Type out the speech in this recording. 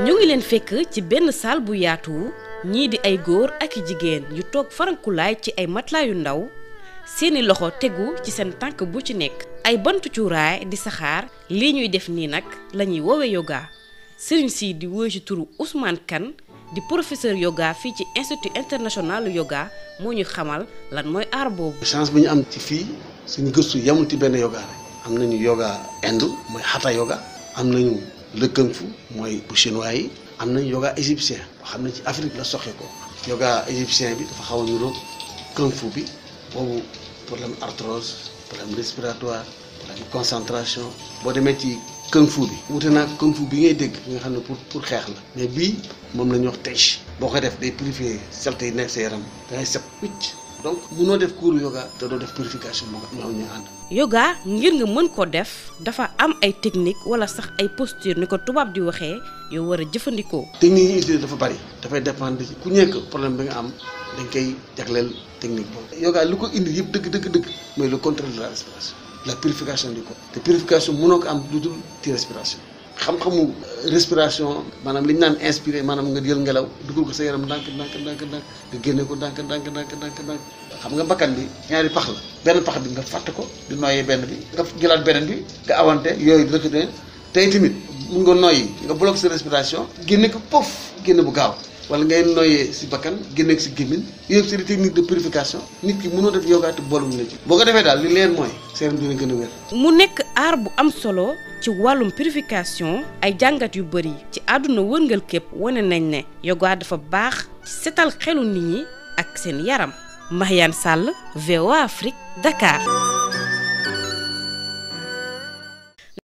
ñu ngi leen fekk ci benn saal bu yaatu ñii di ay góor ak i jigéen yu toog farankulaay ci ay matelas yu ndaw seeni loxo tegu ci seen tànk bu ci nekk. ay bantu cuuraay di saxaar lii ñuy def nii nag lañuy ñuy woowe yoga sëriñ si di woy ci turu Ousmane Kane di professeur yoga fii ci institut international yoga moo ñu xamal lan mooy aar boobu. chance bu ñu am ci fii suñu gëstu yamul ci benn yoga am nañu yoga Inde mooy hatha yoga am nañu. le kung fu moy bu chinois yoga égyptien xamna ci Afrique la ko yoga égyptien bi dafa xaw a kung fu bi problème arthrose problème respiratoire problème concentration bo ci kung fu bi wuté yoga kung fu bi ngay dégg nga pour pour la mais bi mom la wax tey boko def day donc munoo def cours yoga te doo def purification mu ñoom ñu ànd. yoga ngir nga mën ko def dafa am ay technique wala sax ay posture ne ko tubaab di waxee yow war a jëfandikoo. technique yi ñu utilisé dafa bari dafay dépendre ci ku nekk problème bi nga am dañ koy jagleel technique boobu. yoga lu ko indi yëpp dëgg dëgg dëgg mooy le contrôle de la respiration la purification di ko te purification munoo ko am lu dul ci respiration. xam-xamu euh, respiration manam liñ nane inspirer manam nga jël ngelaw duggal ko sa yaram dank dank dank dank nga genné ko dank dank dank dank dank xam nga bakkan bi ñaari pax la benn pax bi nga fàtt ko di noyé benn bi nga jëlat benen bi nga awante yoy rek ne tay timit mu nga noyyi nga bloc sa respiration genné ko pof genné bu gaaw wala ngay noyé ci bakkan genné ci gémine yépp ci technique de purification nit ki mëno def yoga té bolum na ci boko défé dal li leen moy seen dina mu nekk aar bu am solo ci wàllum purification ay jàngat yu bëri ci àdduna wërngal képp wane nañ ne yoga dafa baax ci setal xelu nit ñi ak seen yaram Mariane Sall VOA Afrique Dakar.